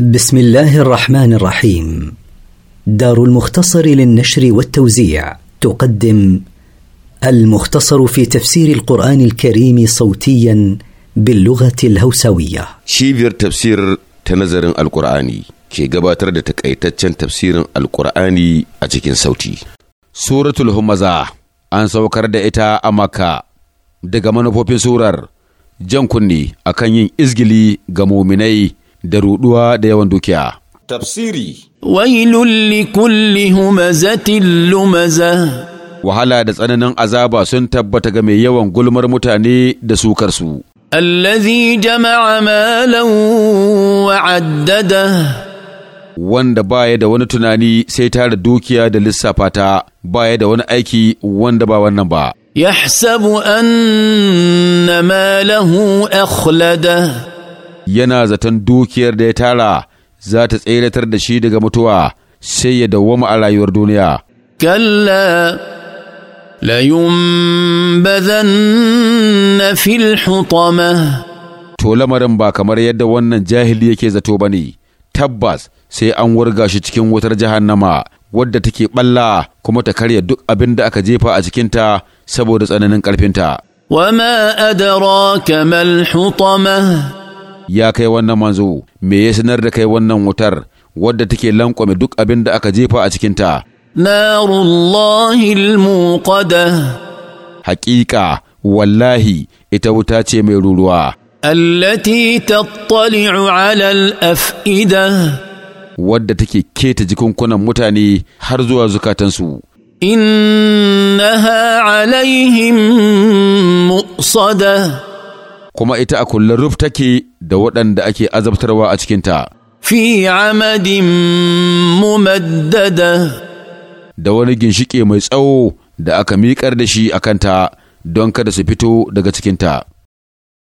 بسم الله الرحمن الرحيم دار المختصر للنشر والتوزيع تقدم المختصر في تفسير القرآن الكريم صوتيا باللغة الهوسوية شيفير تفسير تنظر القرآني كي قباتر تكأيتتشن تفسير القرآني أجيكين صوتي سورة الهمزة أن سوكر دائتا أماكا دقمانو بوبين سورر جنكني أكن إزجلي izgili ga da ruɗuwa da yawan dukiya. Tafsiri Wailun likulli humazatin lumaza Wahala da tsananin azaba sun tabbata ga mai yawan gulmar mutane da sukarsu. Allazi jama'a malan wa'addada Wanda baya da wani tunani sai tara dukiya da lissafa ta baya da wani aiki wanda ba wannan ba. Yahsabu na malahu akhlada yana zaton dukiyar da ya tara za ta tseratar da shi daga mutuwa sai ya dawwama a rayuwar duniya. Kalla na fil hutama. To lamarin ba kamar yadda wannan jahili yake zato ba ne, tabbas sai an wurga shi cikin wutar jahannama wadda take ɓalla kuma ta karya duk abin da aka jefa a cikinta saboda tsananin ƙarfinta. Wama adara kamar hutama. ya kai wannan manzo me ya sanar da kai wannan wutar wadda take lankwame duk abin da aka jefa a cikinta narullahil muqada haƙiƙa wallahi ita wuta ce mai ruruwa allati tattali'u alal afida wadda take keta jikunkunan mutane har zuwa zukatansu innaha alaihim musada kuma ita a kullum ruf take da waɗanda ake azabtarwa a cikinta. Fi amadin mumaddada da wani ginshiƙe mai tsawo da aka miƙar da shi a kanta don kada su fito daga cikinta.